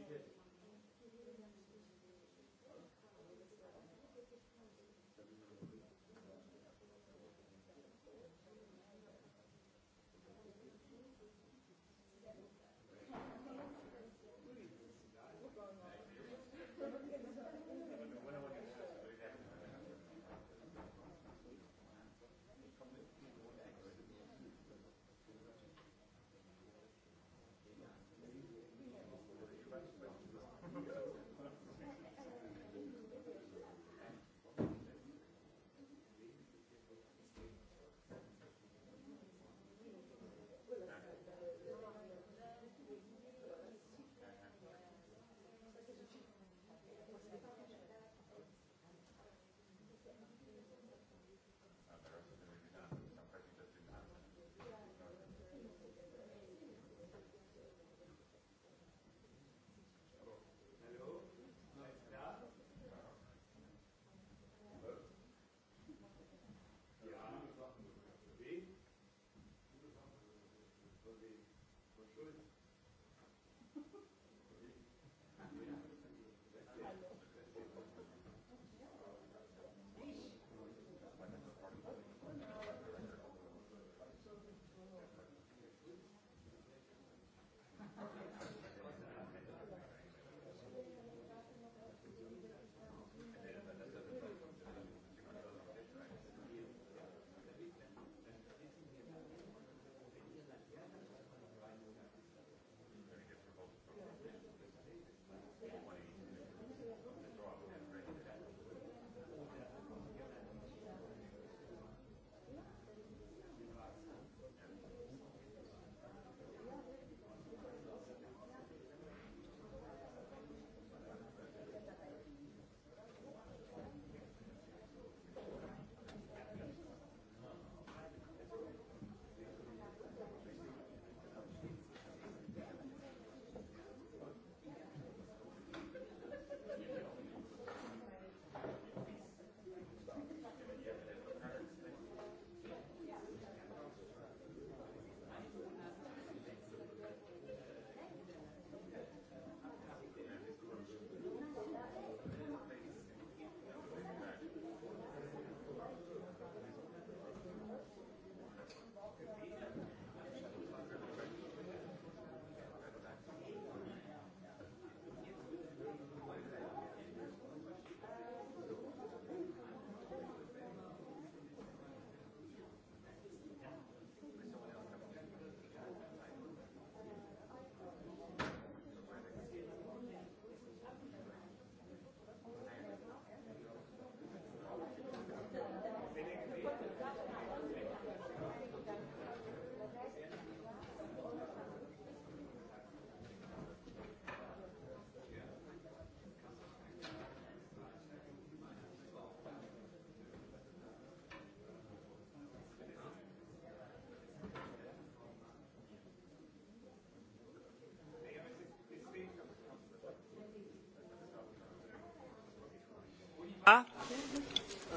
Υπότιτλοι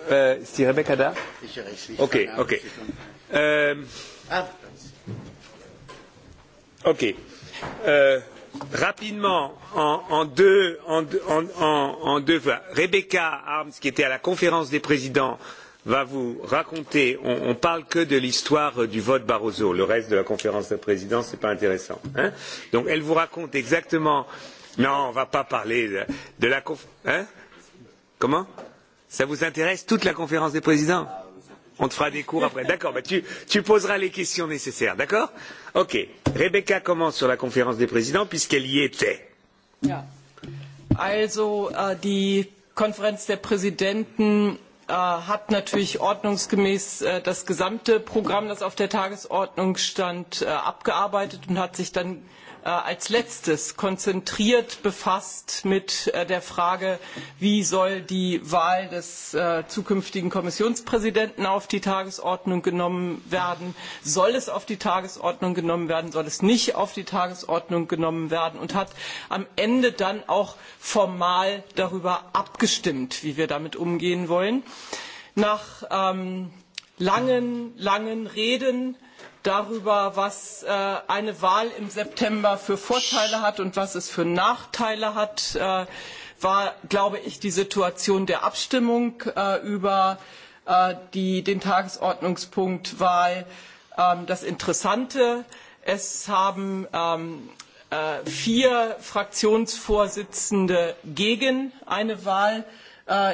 Ist die Rebecca da? Okay, okay. Okay. Rapidement, en deux Rebecca Harms, qui était à la conférence des présidents, va vous raconter. On ne parle que de l'histoire du vote Barroso. Le reste de la conférence des présidents, ce n'est pas intéressant. Donc, elle vous raconte exactement. Non, on ne va pas parler de la conférence. Comment Ça vous intéresse toute la conférence des présidents On te fera des cours après. D'accord, tu poseras les questions nécessaires, d'accord Ok. Rebecca commence sur la conférence des présidents puisqu'elle y était. Also, die Konferenz der Präsidenten hat natürlich ordnungsgemäß das gesamte Programm, das auf der Tagesordnung stand, abgearbeitet und hat sich dann als letztes konzentriert befasst mit der frage wie soll die wahl des zukünftigen kommissionspräsidenten auf die tagesordnung genommen werden soll es auf die tagesordnung genommen werden soll es nicht auf die tagesordnung genommen werden und hat am ende dann auch formal darüber abgestimmt wie wir damit umgehen wollen. nach langen, langen Reden darüber, was eine Wahl im September für Vorteile hat und was es für Nachteile hat, war, glaube ich, die Situation der Abstimmung über den Tagesordnungspunkt Wahl das Interessante. Es haben vier Fraktionsvorsitzende gegen eine Wahl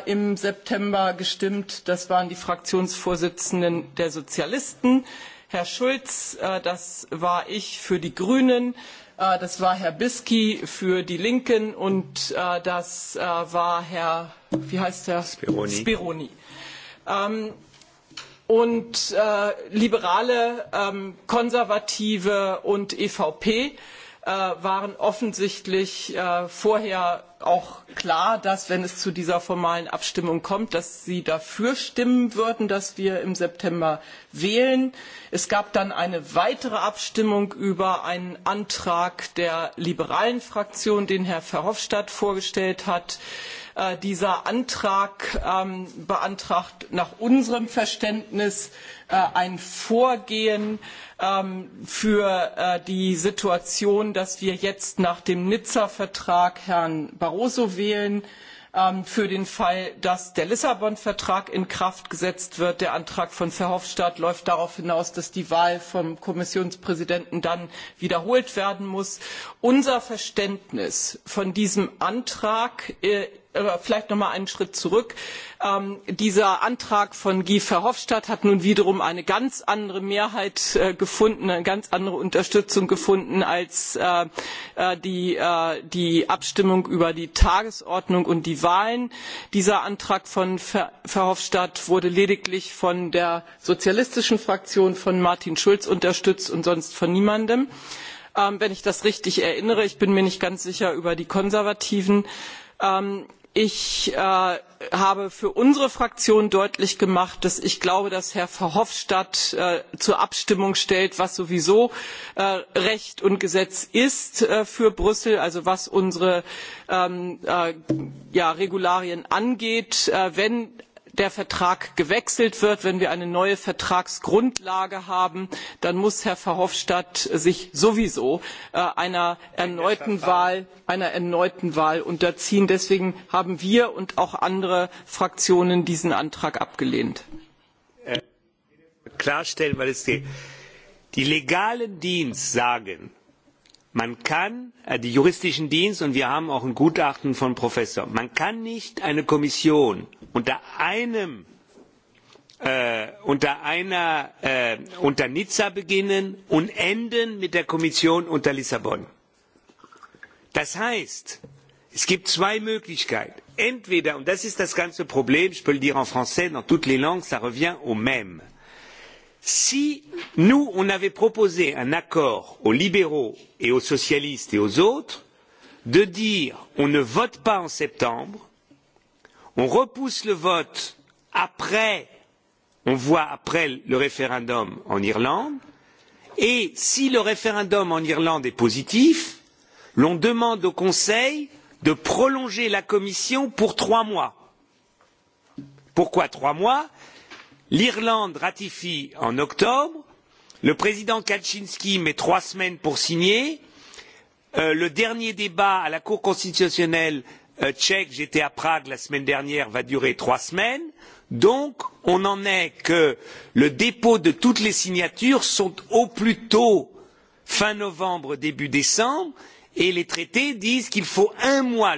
im september gestimmt das waren die fraktionsvorsitzenden der sozialisten herr schulz das war ich für die grünen das war herr Biski für die linken und das war herr wie heißt er speroni. und liberale konservative und evp waren offensichtlich vorher auch klar, dass, wenn es zu dieser formalen Abstimmung kommt, dass Sie dafür stimmen würden, dass wir im September wählen. Es gab dann eine weitere Abstimmung über einen Antrag der liberalen Fraktion, den Herr Verhofstadt vorgestellt hat dieser antrag beantragt nach unserem verständnis ein vorgehen für die situation dass wir jetzt nach dem nizza vertrag herrn barroso wählen für den fall dass der lissabon vertrag in kraft gesetzt wird. der antrag von verhofstadt läuft darauf hinaus dass die wahl vom kommissionspräsidenten dann wiederholt werden muss. unser verständnis von diesem antrag vielleicht noch mal einen schritt zurück dieser antrag von guy verhofstadt hat nun wiederum eine ganz andere mehrheit gefunden eine ganz andere unterstützung gefunden als die abstimmung über die tagesordnung und die wahlen. dieser antrag von verhofstadt wurde lediglich von der sozialistischen fraktion von martin schulz unterstützt und sonst von niemandem wenn ich das richtig erinnere ich bin mir nicht ganz sicher über die konservativen ich habe für unsere fraktion deutlich gemacht dass ich glaube dass herr verhofstadt zur abstimmung stellt was sowieso recht und gesetz ist für brüssel also was unsere regularien angeht. wenn der vertrag gewechselt wird wenn wir eine neue vertragsgrundlage haben dann muss herr verhofstadt sich sowieso einer erneuten wahl unterziehen. deswegen haben wir und auch andere fraktionen diesen antrag abgelehnt. klarstellen weil die legalen dienst sagen man kann die juristischen Dienste und wir haben auch ein gutachten von professor man kann nicht eine kommission unter einer unter nizza beginnen und enden mit der kommission unter lissabon. das heißt es gibt zwei möglichkeiten entweder und das ist das ganze problem je peux le dire en français dans toutes les langues ça revient au même si nous on avait proposé un accord aux libéraux et aux socialistes et aux autres de dire on ne vote pas en septembre on repousse le vote après on voit après le référendum en irlande et si le référendum en irlande est positif l'on demande au conseil de prolonger la commission pour trois mois. pourquoi trois mois? l'irlande ratifie en octobre le président kaczyski met trois semaines pour signer le dernier débat à la cour constitutionnelle tchèque j'étais à prague la semaine dernière va durer trois semaines donc on en est que le dépôt de toutes les signatures sont au plus tôt fin novembre début décembre et les traités disent qu'il faut un mois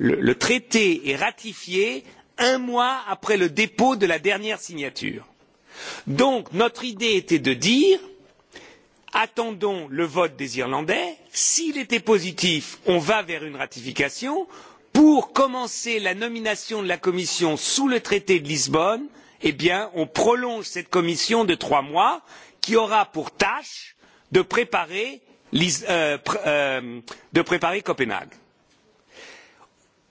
le traité est ratifié un mois après le dépôt de la dernière signature. donc notre idée était de dire attendons le vote des irlandais s'il était positif on va vers une ratification pour commencer la nomination de la commission sous le traité de lisbonne on prolonge cette commission de trois mois qui aura pour tâche de préparer copenhague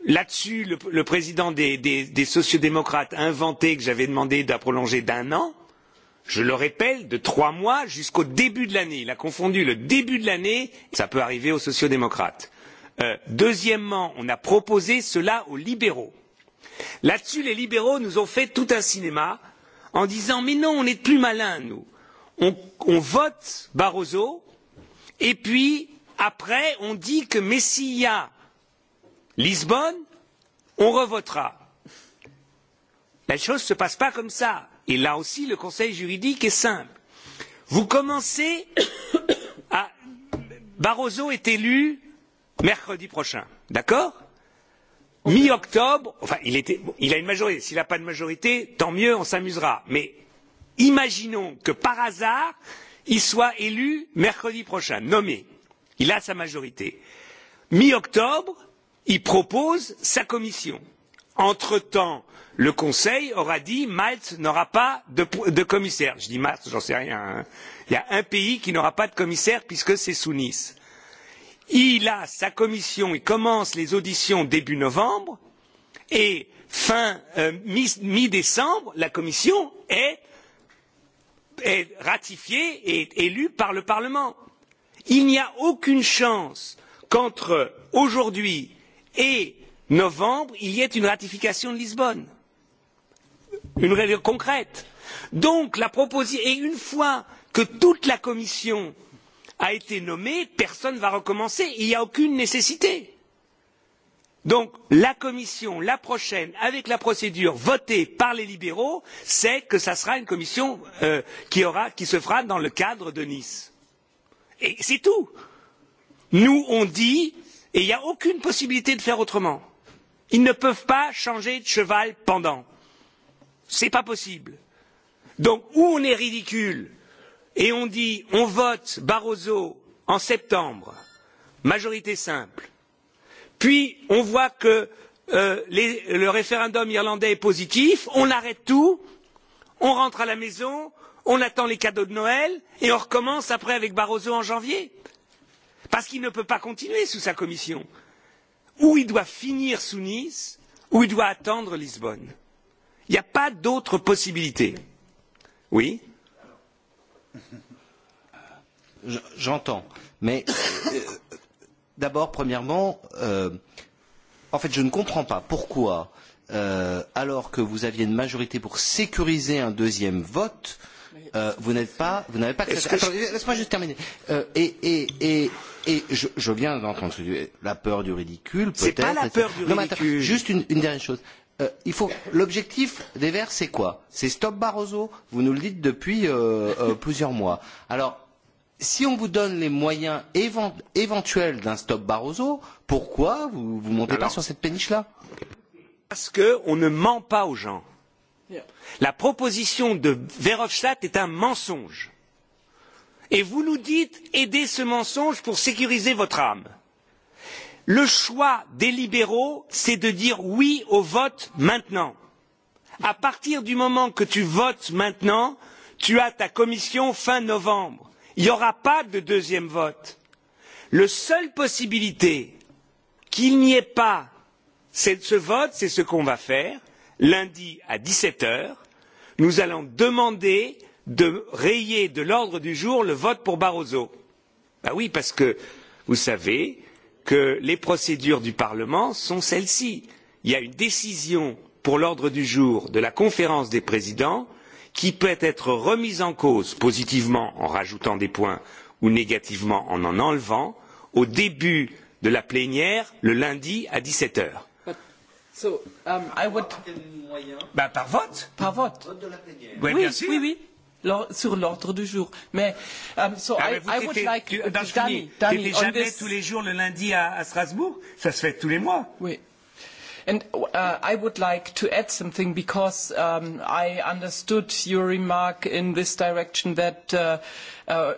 là dessus le président des sociaux démocrates a inventé que j'avais demandé de la prolonger d'un an je le rappelle de trois mois jusqu'au début de l'année il a confondu le début de l'année ça peut arriver aux sociaux démocrates. deuxièmement on a proposé cela aux libéraux. là dessus les libéraux nous ont fait tout un cinéma en disant mais non on est plus malins nous on vote barroso et puis après on dit que messia Lisbonne, on revotera. La chose ne se passe pas comme ça. Et là aussi, le conseil juridique est simple. Vous commencez à. Barroso est élu mercredi prochain. D'accord Mi-octobre, enfin, il a une majorité. S'il n'a pas de majorité, tant mieux, on s'amusera. Mais imaginons que par hasard, il soit élu mercredi prochain, nommé. Il a sa majorité. Mi-octobre y propose sa commission. entre temps le conseil aura dit malte n'aura pas de commissaire je dis malte j'en sais rien il y a un pays qui n'aura pas de commissaire puisque c'est nice. il a sa commission il commence les auditions début novembre et fin mi décembre la commission est ratifiée et élue par le parlement. il n'y a aucune chance qu'entre aujourd'hui et novembre, il y ait une ratification de Lisbonne, une réunion concrète. Donc, la proposition et une fois que toute la Commission a été nommée, personne ne va recommencer, il n'y a aucune nécessité. Donc, la Commission, la prochaine, avec la procédure votée par les libéraux, c'est que ce sera une commission qui se fera dans le cadre de Nice. Et c'est tout. Nous, on dit et il n'y a aucune possibilité de faire autrement. Ils ne peuvent pas changer de cheval pendant. Ce n'est pas possible. Donc ou on est ridicule et on dit on vote Barroso en septembre, majorité simple, puis on voit que le référendum irlandais est positif, on arrête tout, on rentre à la maison, on attend les cadeaux de Noël et on recommence après avec Barroso en janvier parce qu'il ne peut pas continuer sous sa commission. Ou il doit finir sous Nice, ou il doit attendre Lisbonne. Il n'y a pas d'autre possibilité. Oui J'entends. Mais d'abord, premièrement, en fait, je ne comprends pas pourquoi, alors que vous aviez une majorité pour sécuriser un deuxième vote, vous n'êtes pas, vous n'avez pas. Attendez, laisse-moi juste terminer. Et et et et je viens d'entendre la peur du ridicule. C'est pas la peur du ridicule. Juste une dernière chose. Il faut l'objectif des Verts, c'est quoi C'est stop Barroso. Vous nous le dites depuis plusieurs mois. Alors. Si on vous donne les moyens éventuels d'un stop Barroso, pourquoi vous ne montez pas sur cette péniche-là Parce qu'on ne ment pas aux gens. La proposition de Verhofstadt est un mensonge. Et vous nous dites aidez ce mensonge pour sécuriser votre âme. Le choix des libéraux, c'est de dire oui au vote maintenant. À partir du moment que tu votes maintenant, tu as ta commission fin novembre. Il n'y aura pas de deuxième vote. La seule possibilité qu'il n'y ait pas ce vote, c'est ce qu'on va faire lundi à dix sept heures nous allons demander de rayer de l'ordre du jour le vote pour barroso. oui parce que vous savez que les procédures du parlement sont celles ci il y a une décision pour l'ordre du jour de la conférence des présidents qui peut être remise en cause positivement en rajoutant des points ou négativement en en enlevant au début de la plénière le lundi à dix sept heures. So, um, I would... Bah, par vote Par vote. vote de oui, bien sûr. oui, oui, sur l'ordre du jour. Mais, um, so ah, I, I would like... Tu Danny, jamais this... tous les jours le lundi à, à Strasbourg Ça se fait tous les mois. Oui. And uh I would like to add something because um, I understood your remark in this direction that... Uh,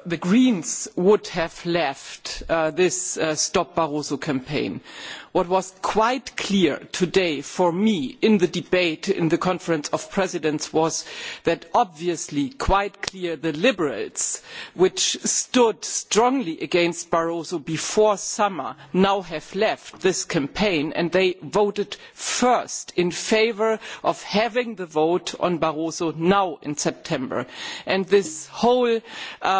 the Greens would have left this Stop Barroso campaign. What was quite clear today for me in the debate in the Conference of Presidents was that obviously quite clear the Liberals, which stood strongly against Barroso before summer, now have left this campaign and they voted first in favour of having the vote on Barroso now in September. And this whole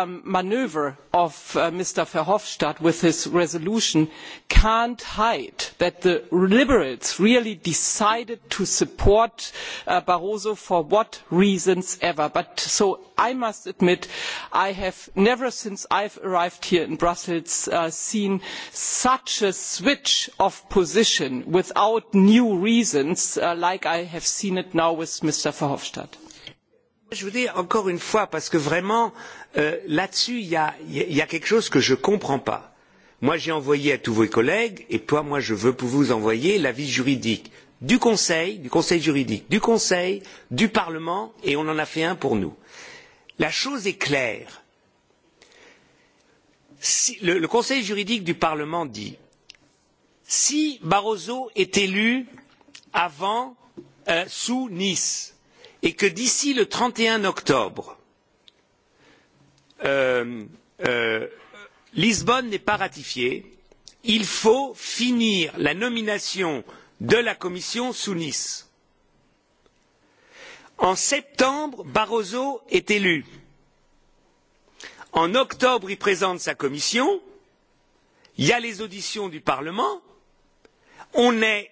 manoeuvre of mr verhofstadt with his resolution cannot hide that the liberals really decided to support barroso for what reasons ever. so i must admit i have never since i arrived here in brussels seen such a switch of position without new reasons like i have seen it now with mr verhofstadt. Je vous dis encore une fois, parce que vraiment, là-dessus, il y a quelque chose que je ne comprends pas. Moi, j'ai envoyé à tous vos collègues, et toi, moi, je veux vous envoyer l'avis juridique du Conseil, du Conseil juridique, du Conseil, du Parlement, et on en a fait un pour nous. La chose est claire. Le Conseil juridique du Parlement dit si Barroso est élu avant, sous Nice, et que d'ici le 31 octobre, Lisbonne n'est pas ratifiée, il faut finir la nomination de la Commission sous Nice. En septembre, Barroso est élu. En octobre, il présente sa Commission. Il y a les auditions du Parlement. On est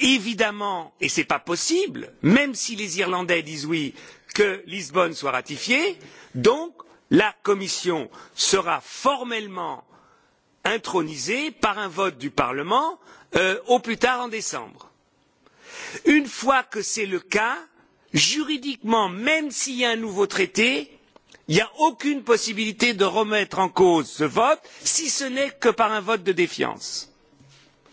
évidemment et ce n'est pas possible même si les irlandais disent oui que lisbonne soit ratifiée donc la commission sera formellement intronisée par un vote du parlement au plus tard en décembre. une fois que c'est le cas juridiquement même s'il y a un nouveau traité il n'y a aucune possibilité de remettre en cause ce vote si ce n'est que par un vote de défiance.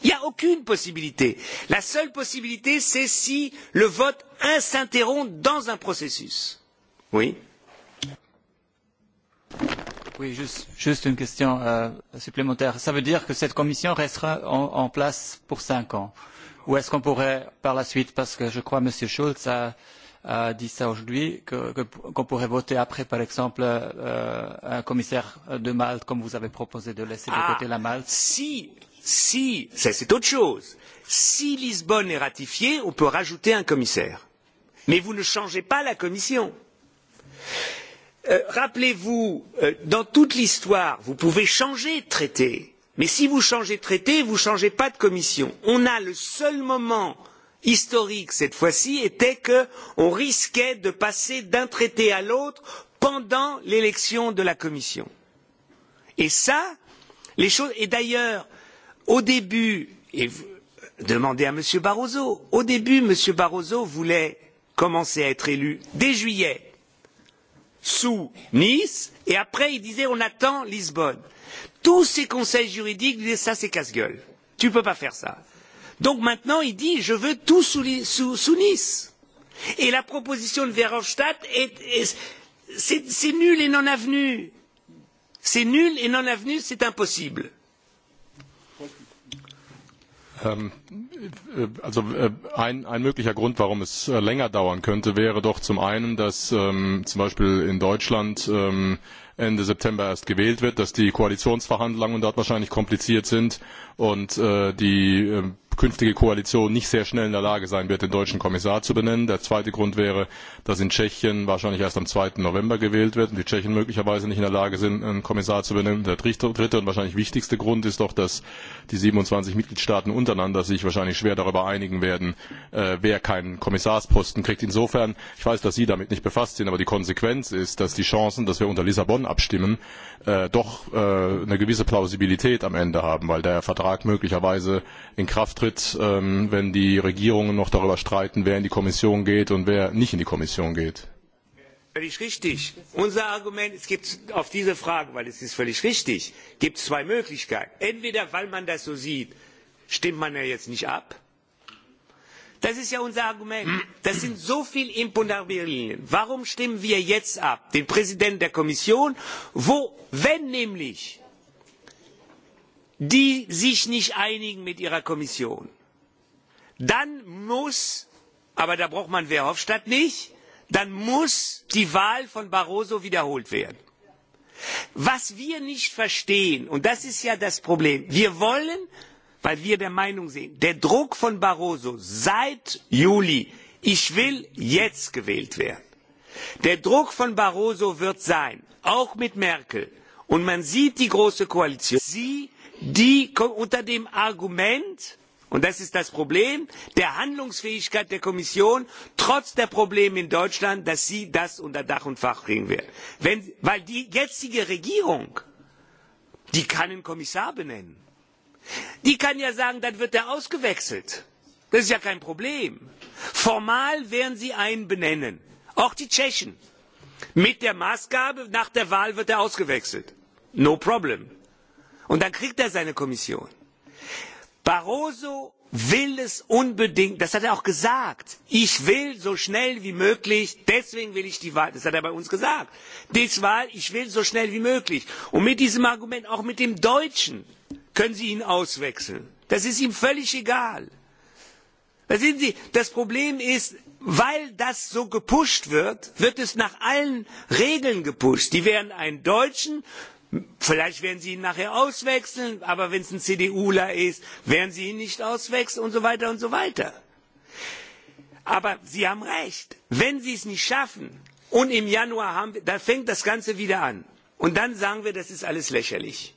Il n'y a aucune possibilité. La seule possibilité, c'est si le vote s'interrompt dans un processus. Oui. Oui, juste une question supplémentaire. Ça veut dire que cette commission restera en place pour cinq ans. Ou est-ce qu'on pourrait, par la suite, parce que je crois que M. Schulz a dit ça aujourd'hui, qu'on pourrait voter après, par exemple, un commissaire de Malte, comme vous avez proposé de laisser de côté la Malte si c'est autre chose si lisbonne est ratifiée on peut rajouter un commissaire mais vous ne changez pas la commission. rappelez vous dans toute l'histoire vous pouvez changer de traité mais si vous changez de traité vous ne changez pas de commission. on a le seul moment historique cette fois ci était qu'on risquait de passer d'un traité à l'autre pendant l'élection de la commission. et ça les choses et d'ailleurs au début et demandez à m. barroso au début m. barroso voulait commencer à être élu dès juillet sous nice et après il disait on attend lisbonne. tous ces conseils juridiques disaient ça c'est casse gueule tu ne peux pas faire ça. donc maintenant il dit je veux tout sous nice et la proposition de verhofstadt c'est nul et non avenu. c'est nul et non avenu c'est impossible Also ein möglicher Grund, warum es länger dauern könnte, wäre doch zum einen, dass zum Beispiel in Deutschland Ende September erst gewählt wird, dass die Koalitionsverhandlungen dort wahrscheinlich kompliziert sind und die künftige Koalition nicht sehr schnell in der Lage sein wird, den deutschen Kommissar zu benennen. Der zweite Grund wäre, dass in Tschechien wahrscheinlich erst am 2. November gewählt wird und die Tschechen möglicherweise nicht in der Lage sind, einen Kommissar zu benennen. Der dritte und wahrscheinlich wichtigste Grund ist doch, dass die 27 Mitgliedstaaten untereinander sich wahrscheinlich schwer darüber einigen werden, wer keinen Kommissarsposten kriegt. Insofern, ich weiß, dass Sie damit nicht befasst sind, aber die Konsequenz ist, dass die Chancen, dass wir unter Lissabon Verfahren abstimmen, doch eine gewisse Plausibilität am Ende haben, weil der Vertrag möglicherweise in Kraft tritt, wenn die Regierungen noch darüber streiten, wer in die Kommission geht und wer nicht in die Kommission geht. Völlig richtig. Unser Argument, es gibt auf diese Frage, weil es ist völlig richtig, gibt es zwei Möglichkeiten. Entweder, weil man das so sieht, stimmt man ja jetzt nicht ab, Das ist ja unser Argument. Das sind so viele Imponderabilien. Warum stimmen wir jetzt ab, den Präsidenten der Kommission, wo, wenn nämlich die sich nicht einigen mit ihrer Kommission, dann muss, aber da braucht man Verhofstadt nicht, dann muss die Wahl von Barroso wiederholt werden. Was wir nicht verstehen, und das ist ja das Problem, wir wollen weil wir der Meinung sind, der Druck von Barroso seit Juli, ich will jetzt gewählt werden. Der Druck von Barroso wird sein, auch mit Merkel, und man sieht die große Koalition, sie, die unter dem Argument, und das ist das Problem, der Handlungsfähigkeit der Kommission, trotz der Probleme in Deutschland, dass sie das unter Dach und Fach bringen wird. Weil die jetzige Regierung, die kann einen Kommissar benennen die kann ja sagen dann wird er ausgewechselt. das ist ja kein problem. formal werden sie einen benennen auch die tschechen mit der maßgabe nach der wahl wird er ausgewechselt. no problem. und dann kriegt er seine kommission. barroso will es unbedingt das hat er auch gesagt ich will so schnell wie möglich deswegen will ich die wahl das hat er bei uns gesagt wahl ich will so schnell wie möglich und mit diesem argument auch mit dem deutschen können Sie ihn auswechseln. Das ist ihm völlig egal. Sie, das Problem ist, weil das so gepusht wird, wird es nach allen Regeln gepusht. Die werden einen Deutschen, vielleicht werden Sie ihn nachher auswechseln, aber wenn es ein CDUler ist, werden Sie ihn nicht auswechseln und so weiter und so weiter. Aber Sie haben recht, wenn Sie es nicht schaffen und im Januar haben, da fängt das Ganze wieder an. Und dann sagen wir, das ist alles lächerlich.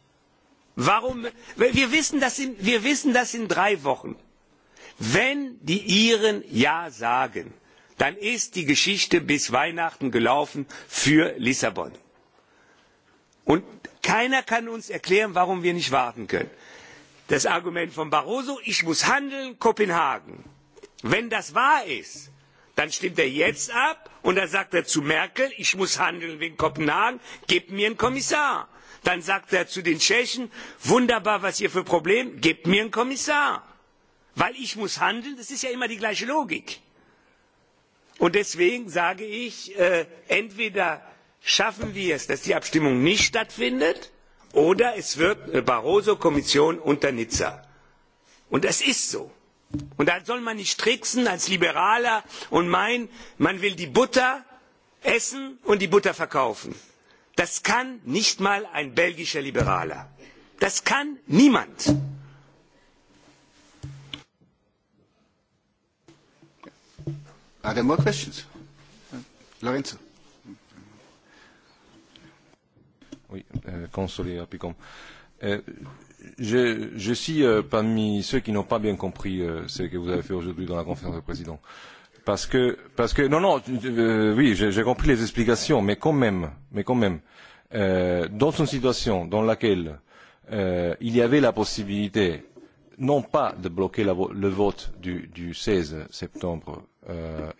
Warum? Wir wissen das in drei Wochen. Wenn die Iren Ja sagen, dann ist die Geschichte bis Weihnachten gelaufen für Lissabon. Und keiner kann uns erklären, warum wir nicht warten können. Das Argument von Barroso, ich muss handeln, Kopenhagen. Wenn das wahr ist, dann stimmt er jetzt ab und dann sagt er zu Merkel, ich muss handeln wegen Kopenhagen, gib mir einen Kommissar dann sagt er zu den tschechen wunderbar was ihr für problem gebt mir einen kommissar weil ich muss handeln das ist ja immer die gleiche logik. und deswegen sage ich entweder schaffen wir es dass die abstimmung nicht stattfindet oder es wird eine barroso kommission unter nizza. und das ist so. und da soll man nicht tricksen als liberaler und meinen man will die butter essen und die butter verkaufen das kann nicht mal ein belgischer liberaler das kann niemand! Are more questions? Lorenzo. Oui, Je suis parmi ceux qui n'ont pas bien compris ce que vous avez fait aujourd'hui dans la conférence des présidents Parce que, non, non, oui, j'ai compris les explications, mais quand même, mais quand même, dans une situation dans laquelle il y avait la possibilité, non pas de bloquer le vote du 16 septembre,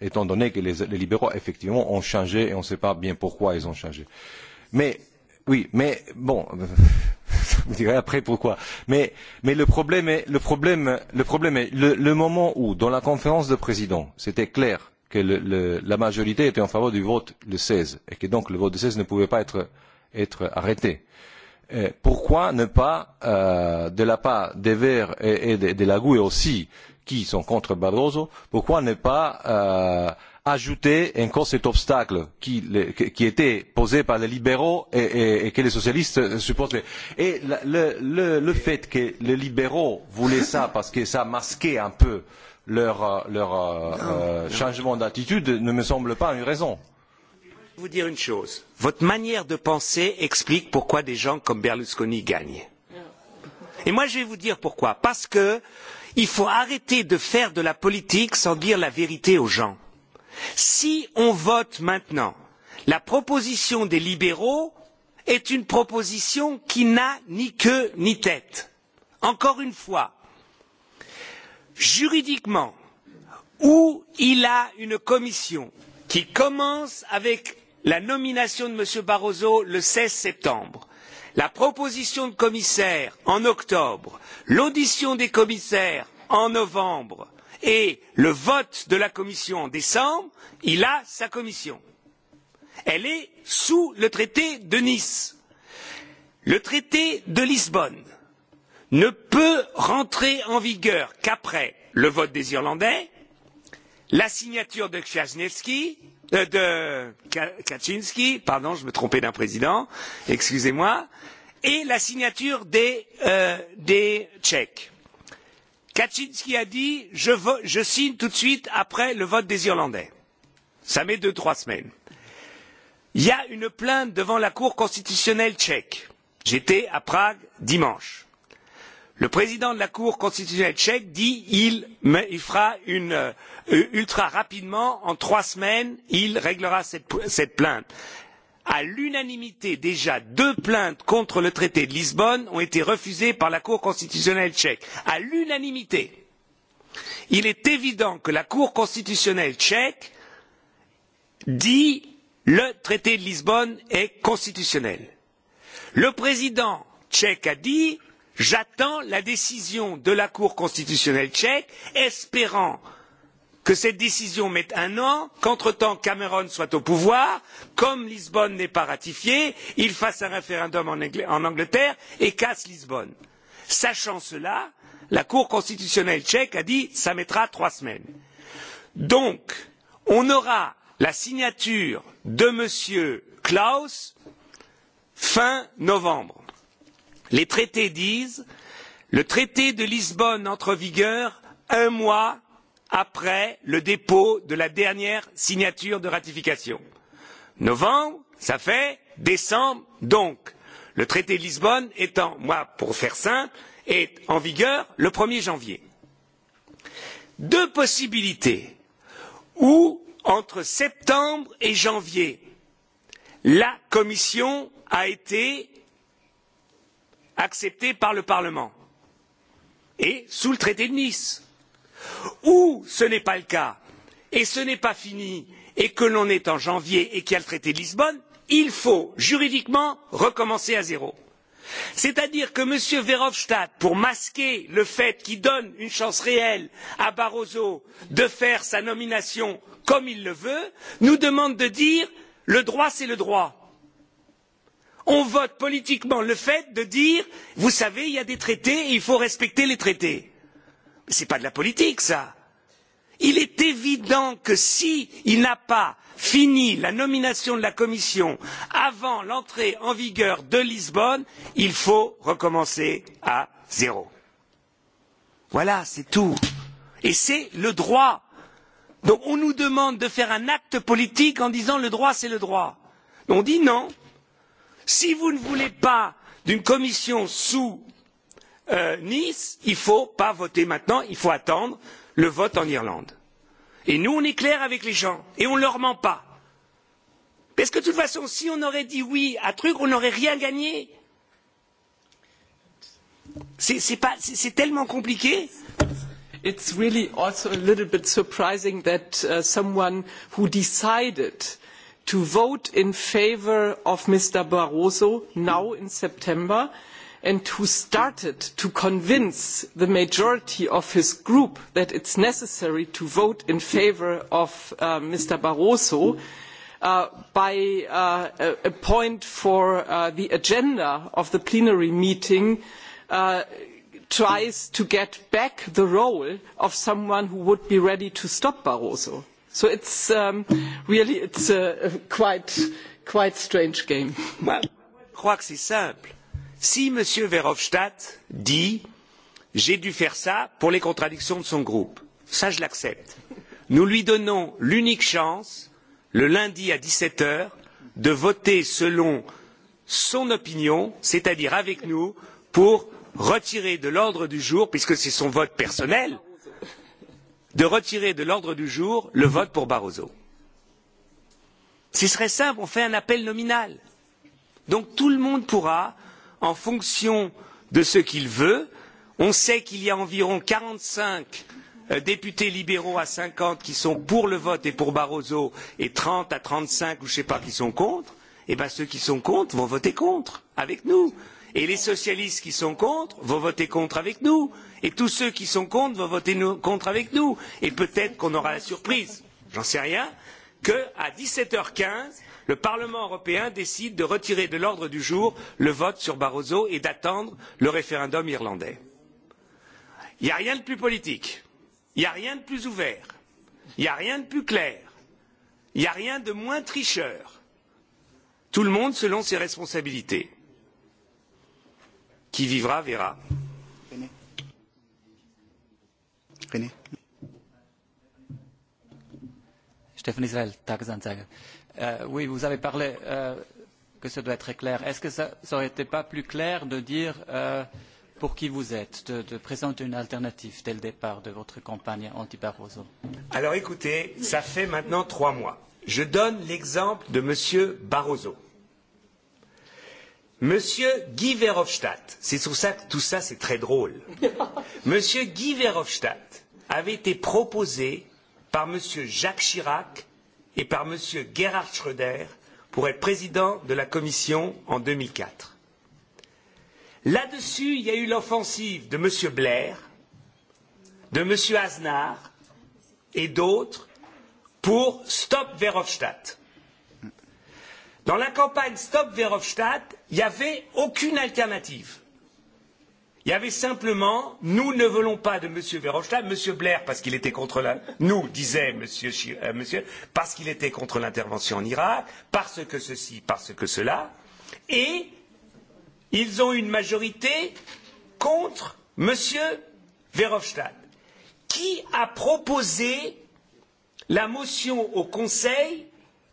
étant donné que les libéraux, effectivement, ont changé et on ne sait pas bien pourquoi ils ont changé. Mais, oui, mais, bon vous direz après pourquoi. Mais le problème est le moment où, dans la conférence de présidents, c'était clair que la majorité était en faveur du vote le 16 et que donc le vote de 16 ne pouvait pas être arrêté. Pourquoi ne pas, de la part des Verts et de la GUE aussi, qui sont contre Barroso, pourquoi ne pas ajouter encore cet obstacle qui était posé par les libéraux et que les socialistes supportent. Et le fait que les libéraux voulaient ça parce que ça masquait un peu leur changement d'attitude ne me semble pas une raison. Je vais vous dire une chose. Votre manière de penser explique pourquoi des gens comme Berlusconi gagnent. Et moi je vais vous dire pourquoi. Parce qu'il faut arrêter de faire de la politique sans dire la vérité aux gens si on vote maintenant la proposition des libéraux est une proposition qui n'a ni queue ni tête. encore une fois juridiquement où il y a une commission qui commence avec la nomination de m. barroso le 16 septembre la proposition de commissaire en octobre l'audition des commissaires en novembre et le vote de la commission en décembre il a sa commission elle est sous le traité de nice. le traité de lisbonne ne peut rentrer en vigueur qu'après le vote des irlandais la signature de kaczynski pardon je me trompais d'un président excusez moi et la signature des tchèques kaczynski a dit je signe tout de suite après le vote des irlandais. Ça met deux trois semaines. il y a une plainte devant la cour constitutionnelle tchèque. j'étais à prague dimanche. le président de la cour constitutionnelle tchèque dit il fera une ultra rapidement en trois semaines il réglera cette plainte à l'unanimité déjà deux plaintes contre le traité de lisbonne ont été refusées par la cour constitutionnelle tchèque à l'unanimité. il est évident que la cour constitutionnelle tchèque dit le traité de lisbonne est constitutionnel. le président tchèque a dit j'attends la décision de la cour constitutionnelle tchèque espérant que cette décision mette un an, qu'entre temps Cameron soit au pouvoir, comme Lisbonne n'est pas ratifiée, il fasse un référendum en Angleterre et casse Lisbonne. Sachant cela, la Cour constitutionnelle tchèque a dit ça mettra trois semaines. Donc, on aura la signature de M. Klaus fin novembre. Les traités disent le traité de Lisbonne entre en vigueur un mois après le dépôt de la dernière signature de ratification. Novembre, ça fait décembre donc. Le traité de Lisbonne étant, moi pour faire simple, est en vigueur le 1er janvier. Deux possibilités. Ou entre septembre et janvier, la Commission a été acceptée par le Parlement et sous le traité de Nice ou ce n'est pas le cas et ce n'est pas fini et que l'on est en janvier et qu'il y a le traité de lisbonne il faut juridiquement recommencer à zéro. c'est à dire que m. verhofstadt pour masquer le fait qu'il donne une chance réelle à barroso de faire sa nomination comme il le veut nous demande de dire le droit c'est le droit. on vote politiquement le fait de dire vous savez il y a des traités et il faut respecter les traités ce n'est pas de la politique ça. il est évident que s'il n'a pas fini la nomination de la commission avant l'entrée en vigueur de lisbonne il faut recommencer à zéro. voilà c'est tout. et c'est le droit. donc on nous demande de faire un acte politique en disant le droit c'est le droit. on dit non si vous ne voulez pas d'une commission sous nice il ne faut pas voter maintenant il faut attendre le vote en irlande. et nous on est clairs avec les gens et on ne leur ment pas parce que de toute façon si on aurait dit oui à truc on n'aurait rien gagné. c'est tellement compliqué. it's really also a little bit surprising that someone who decided to vote in favor of mr barroso now in september and who started to convince the majority of his group that it is necessary to vote in favour of mr barroso by a point for the agenda of the plenary meeting tries to get back the role of someone who would be ready to stop barroso. so it is really a quite strange game si m. verhofstadt dit j'ai dû faire cela pour les contradictions de son groupe cela je l'accepte nous lui donnons l'unique chance le lundi à dix sept heures de voter selon son opinion c'est à dire avec nous pour retirer de l'ordre du jour puisque c'est son vote personnel de retirer de l'ordre du jour le vote pour barroso. ce serait simple on fait un appel nominal donc tout le monde pourra en fonction de ce qu'il veut. on sait qu'il y a environ quarante cinq députés libéraux à cinquante qui sont pour le vote et pour barroso et trente à trente cinq ou je ne sais pas qui sont contre et bien ceux qui sont contre vont voter contre avec nous et les socialistes qui sont contre vont voter contre avec nous et tous ceux qui sont contre vont voter contre avec nous et peut être qu'on aura la surprise j'en sais rien qu'à dix sept h quinze le parlement européen décide de retirer de l'ordre du jour le vote sur barroso et d'attendre le référendum irlandais. il n'y a rien de plus politique il n'y a rien de plus ouvert il n'y a rien de plus clair il n'y a rien de moins tricheur tout le monde selon ses responsabilités. qui vivra verra. Stéphane Israël, Oui, vous avez parlé que ça doit être clair. Est-ce que ça n'aurait été pas plus clair de dire pour qui vous êtes, de présenter une alternative dès le départ de votre campagne anti-Barroso Alors écoutez, ça fait maintenant trois mois. Je donne l'exemple de M. Barroso. Monsieur Guy Verhofstadt, c'est sur ça que tout ça c'est très drôle. M Guy Verhofstadt avait été proposé par M. Jacques Chirac et par M. Gerhard Schröder pour être président de la Commission en 2004. Là-dessus, il y a eu l'offensive de M. Blair, de M. Aznar et d'autres pour Stop Verhofstadt. Dans la campagne Stop Verhofstadt, il n'y avait aucune alternative Il y avait simplement, nous ne voulons pas de M. Verhofstadt, M. Blair, parce qu'il était contre la, nous, disait M. Monsieur, parce qu'il était contre l'intervention en Irak, parce que ceci, parce que cela, et ils ont une majorité contre M. Verhofstadt, qui a proposé la motion au Conseil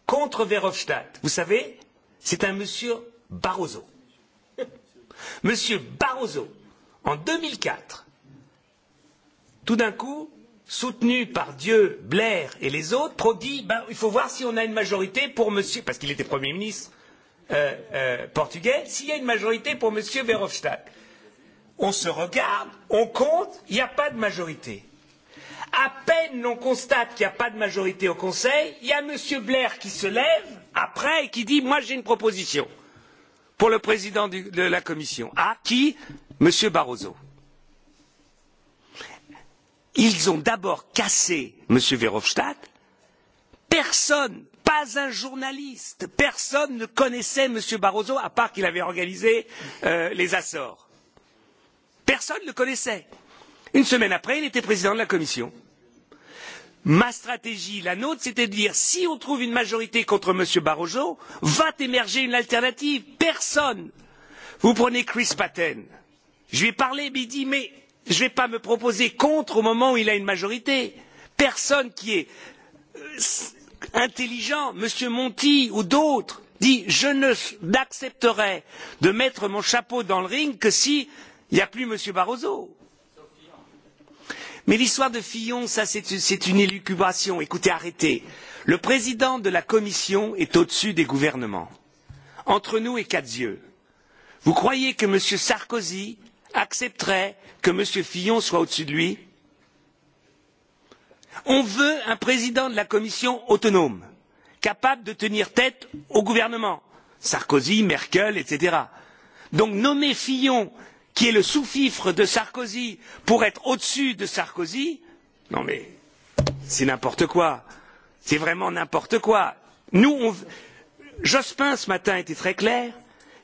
contre Verhofstadt. Vous savez, c'est un monsieur Barroso. Monsieur Barroso en 2004, tout d'un coup, soutenu par Dieu, Blair et les autres, Prodi, il faut voir si on a une majorité pour monsieur, parce qu'il était Premier ministre portugais, s'il y a une majorité pour monsieur Verhofstadt. On se regarde, on compte, il n'y a pas de majorité. À peine l'on constate qu'il n'y a pas de majorité au Conseil, il y a monsieur Blair qui se lève après et qui dit Moi j'ai une proposition pour le président de la Commission. À qui Monsieur Barroso. Ils ont d'abord cassé Monsieur Verhofstadt. Personne, pas un journaliste, personne ne connaissait Monsieur Barroso à part qu'il avait organisé les Açores. Personne ne le connaissait. Une semaine après, il était président de la Commission ma stratégie la nôtre c'était de dire si on trouve une majorité contre m. barroso va émerger une alternative personne. vous prenez chris patten je lui ai parlé mais il dit mais je ne vais pas me proposer contre au moment où il a une majorité. personne qui est intelligent m. monti ou d'autres dit je n'accepterai de mettre mon chapeau dans le ring que s'il n'y a plus m. barroso mais l'histoire de fillon ça c'est une élucubration écoutez arrêtez le président de la commission est au dessus des gouvernements entre nous et quatre yeux vous croyez que m. sarkozy accepterait que m. fillon soit au dessus de lui? on veut un président de la commission autonome capable de tenir tête au gouvernement sarkozy merkel etc. donc nommer fillon qui est le sous-fifre de Sarkozy, pour être au-dessus de Sarkozy, non mais c'est n'importe quoi. C'est vraiment n'importe quoi. Nous, Jospin ce matin était très clair.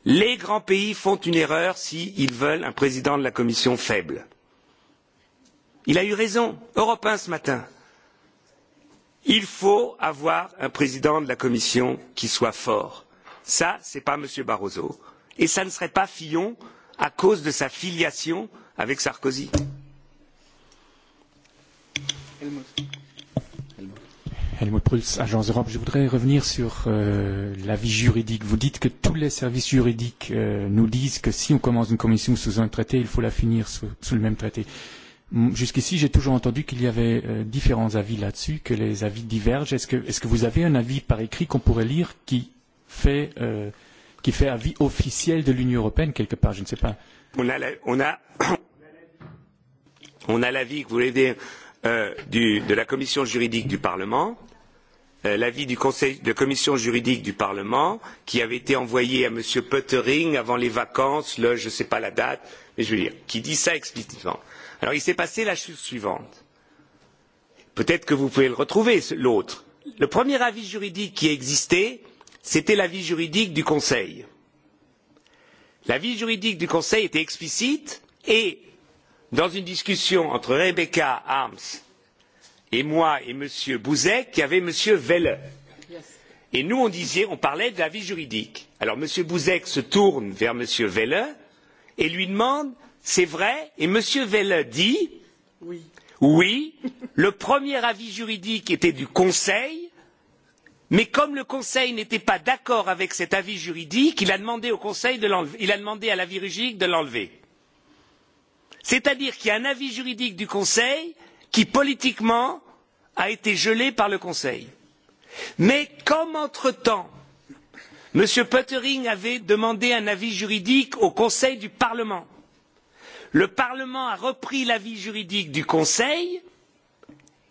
Les grands pays font une erreur s'ils veulent un président de la Commission faible. Il a eu raison, Européen ce matin. Il faut avoir un président de la Commission qui soit fort. Ça, ce n'est pas M. Barroso. Et ça ne serait pas Fillon à cause de sa filiation avec Sarkozy. Helmut Prulz, Agence Europe. Je voudrais revenir sur l'avis juridique. Vous dites que tous les services juridiques nous disent que si on commence une commission sous un traité, il faut la finir sous le même traité. Jusqu'ici, j'ai toujours entendu qu'il y avait différents avis là-dessus, que les avis divergent. Est-ce que vous avez un avis par écrit qu'on pourrait lire qui fait qui fait avis officiel de l'Union européenne quelque part, je ne sais pas. On a, on a, on a l'avis, vous voulez dire, de la commission juridique du Parlement, l'avis du conseil de commission juridique du Parlement, qui avait été envoyé à M. Pottering avant les vacances, le, je ne sais pas la date, mais je veux dire, qui dit ça explicitement. Alors il s'est passé la chose suivante. Peut-être que vous pouvez le retrouver, l'autre. Le premier avis juridique qui existait, c'était l'avis juridique du Conseil. L'avis juridique du Conseil était explicite et, dans une discussion entre Rebecca Harms et moi et M. Bouzek, il y avait M. Welle. Et nous, on disait, on parlait de l'avis juridique. Alors M. Bouzek se tourne vers M. Welle et lui demande, c'est vrai Et M. Welle dit, oui, le premier avis juridique était du Conseil mais comme le conseil n'était pas d'accord avec cet avis juridique il a demandé à la juridique de l'enlever. c'est à dire qu'il y a un avis juridique du conseil qui politiquement a été gelé par le conseil. mais comme entre temps m. pöttering avait demandé un avis juridique au conseil du parlement le parlement a repris l'avis juridique du conseil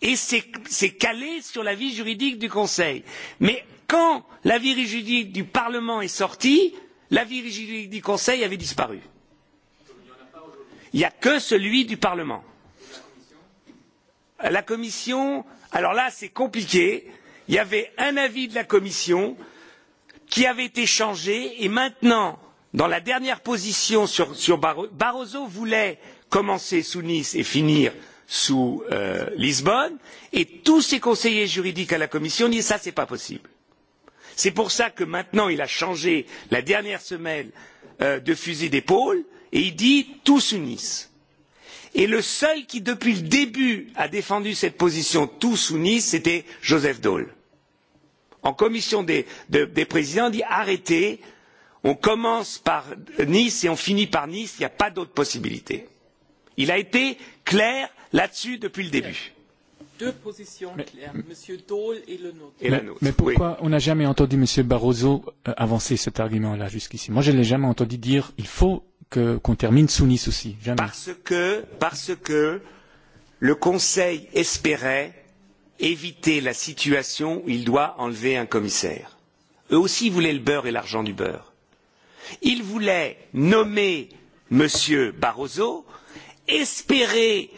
et c'est calé sur l'avis juridique du Conseil. Mais quand l'avis juridique du Parlement est sorti, l'avis juridique du Conseil avait disparu. Il n'y a que celui du Parlement. La Commission, alors là c'est compliqué, il y avait un avis de la Commission qui avait été changé et maintenant, dans la dernière position sur Barroso, voulait commencer sous Nice et finir sous Lisbonne, et tous ses conseillers juridiques à la Commission disent ça, c'est pas possible. C'est pour ça que maintenant, il a changé la dernière semaine de fusil d'épaule, et il dit tous unissent. Et le seul qui, depuis le début, a défendu cette position tous unissent, c'était Joseph Daul. En commission des présidents, il dit arrêtez, on commence par Nice et on finit par Nice, il n'y a pas d'autre possibilité. Il a été clair là dessus depuis le début. Deux positions claires, M. Daul et le nôtre. Mais pourquoi on n'a jamais entendu M. Barroso avancer cet argument-là jusqu'ici Moi, je ne l'ai jamais entendu dire il faut qu'on termine sous Nice aussi. Parce que le Conseil espérait éviter la situation où il doit enlever un commissaire. Eux aussi voulaient le beurre et l'argent du beurre. Ils voulaient nommer M. Barroso, espérer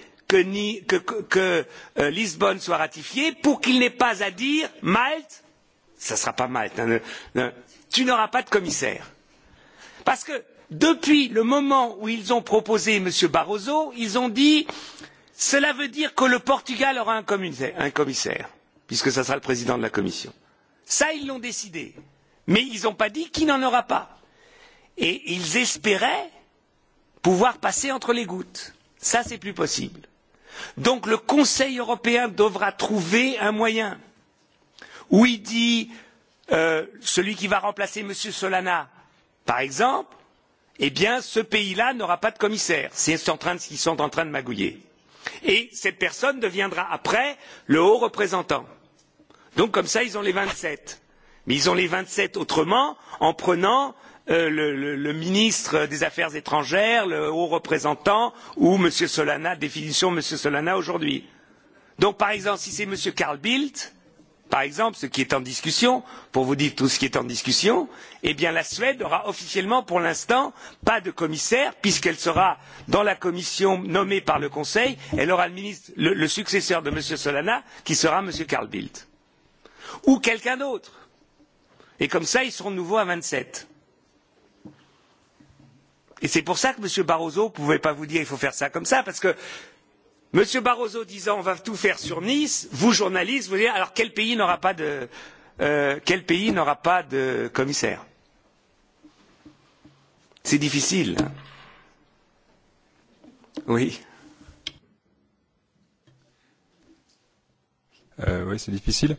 que Lisbonne soit ratifiée pour qu'il n'ait pas à dire Malte, ça ne sera pas Malte, tu n'auras pas de commissaire. Parce que depuis le moment où ils ont proposé M. Barroso, ils ont dit cela veut dire que le Portugal aura un commissaire, puisque ça sera le président de la Commission. Ça, ils l'ont décidé. Mais ils n'ont pas dit qu'il n'en aura pas. Et ils espéraient pouvoir passer entre les gouttes. Ça, c'est plus possible donc le conseil européen devra trouver un moyen où il dit celui qui va remplacer m. solana par exemple eh bien ce pays là n'aura pas de commissaire c'est ce qu'ils sont en train de magouiller et cette personne deviendra après le haut représentant. donc comme ça ils ont les vingt sept mais ils ont les vingt sept autrement en prenant le ministre des Affaires étrangères, le haut représentant ou M. Solana, définition M. Solana aujourd'hui. Donc, par exemple, si c'est M. Carl Bildt, par exemple, ce qui est en discussion, pour vous dire tout ce qui est en discussion, eh bien la Suède n'aura officiellement pour l'instant pas de commissaire, puisqu'elle sera dans la commission nommée par le Conseil, elle aura le successeur de M. Solana, qui sera M. Carl Bildt. Ou quelqu'un d'autre. Et comme ça, ils seront de nouveau à 27 Et c'est pour ça que M. Barroso ne pouvait pas vous dire il faut faire ça comme ça, parce que M. Barroso disant on va tout faire sur Nice, vous journalistes, vous dites alors quel pays n'aura pas de, quel pays n'aura pas de commissaire C'est difficile. Oui. Oui, c'est difficile.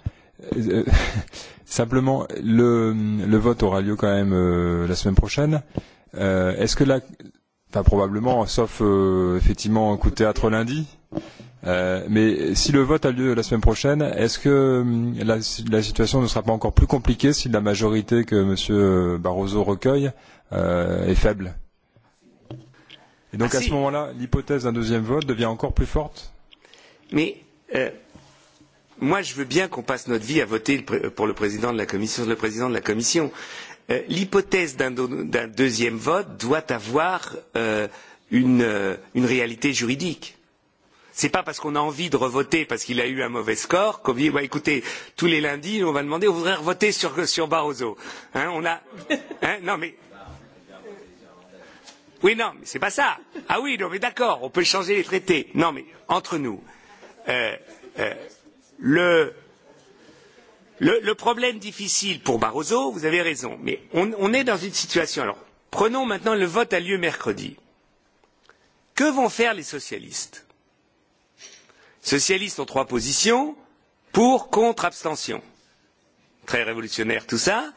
Simplement, le vote aura lieu quand même la semaine prochaine Est-ce que là, enfin probablement, sauf effectivement un coup de théâtre lundi, mais si le vote a lieu la semaine prochaine, est-ce que la situation ne sera pas encore plus compliquée si la majorité que M. Barroso recueille est faible Et donc à ce moment-là, l'hypothèse d'un deuxième vote devient encore plus forte Mais moi, je veux bien qu'on passe notre vie à voter pour le président de la Commission. Le président de la Commission l'hypothèse d'un deuxième vote doit avoir une réalité juridique. Ce n'est pas parce qu'on a envie de revoter parce qu'il a eu un mauvais score qu'on dit écoutez, tous les lundis, on va demander on voudrait revoter sur Barroso. On non mais Oui, non, pas ça. Ah oui, non mais d'accord, on peut changer les traités. Non mais entre nous Le problème difficile pour Barroso, vous avez raison, mais on est dans une situation. Alors, prenons maintenant le vote a lieu mercredi. Que vont faire les socialistes Socialistes ont trois positions pour, contre, abstention. Très révolutionnaire tout ça.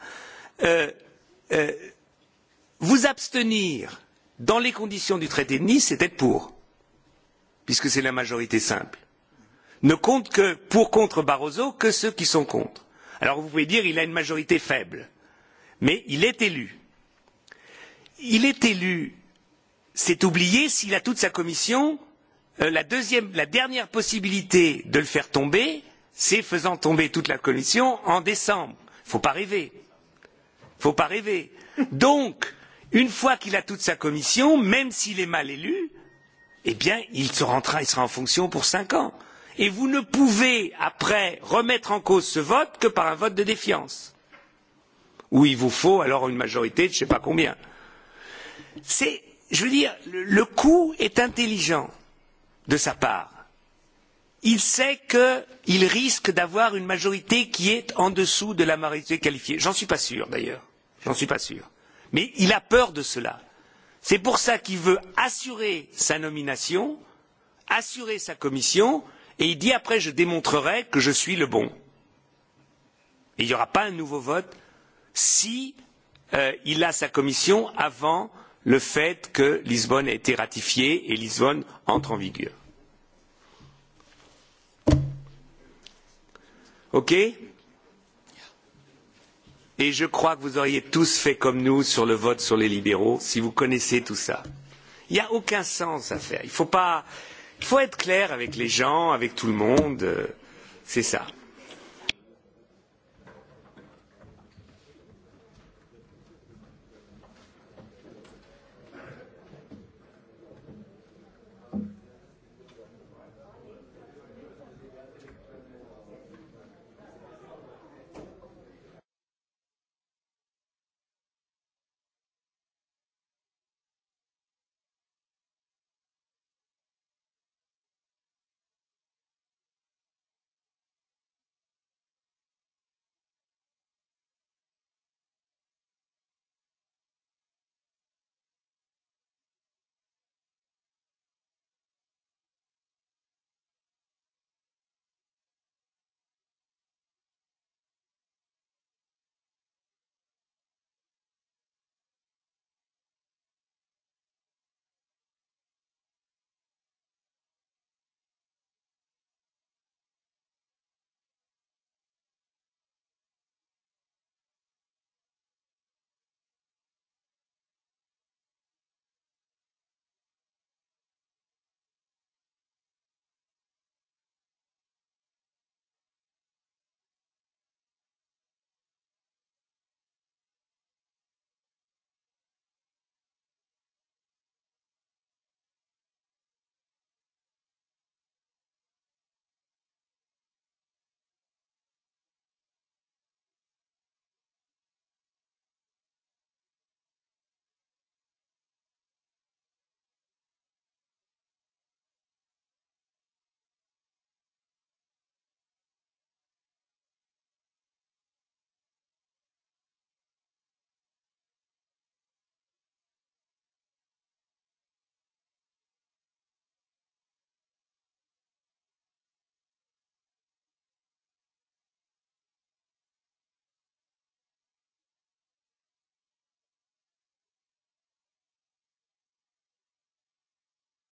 Vous abstenir dans les conditions du traité de Nice, c'est être pour, puisque c'est la majorité simple. Ne compte que pour contre Barroso que ceux qui sont contre Alors vous pouvez dire qu'il a une majorité faible, mais il est élu. Il est élu, c'est oublié s'il a toute sa commission, la dernière possibilité de le faire tomber, c'est faisant tomber toute la commission en décembre. Il ne faut pas rêver. Faut pas rêver. Donc, une fois qu'il a toute sa commission, même s'il est mal élu, eh bien, il sera en fonction pour cinq ans et vous ne pouvez après remettre en cause ce vote que par un vote de défiance où il vous faut alors une majorité de je ne sais pas combien. je veux dire le coup est intelligent de sa part. il sait qu'il risque d'avoir une majorité qui est en dessous de la majorité qualifiée. j'en suis pas sûr d'ailleurs j'en suis pas sûr. mais il a peur de cela. c'est pour cela qu'il veut assurer sa nomination assurer sa commission et il dit après je démontrerai que je suis le bon. Et Il n'y aura pas un nouveau vote si il a sa commission avant le fait que Lisbonne ait été ratifiée et Lisbonne entre en vigueur. OK Et je crois que vous auriez tous fait comme nous sur le vote sur les libéraux, si vous connaissez tout ça. Il n'y a aucun sens à faire. Il ne faut pas Il faut être clair avec les gens, avec tout le monde. C'est ça.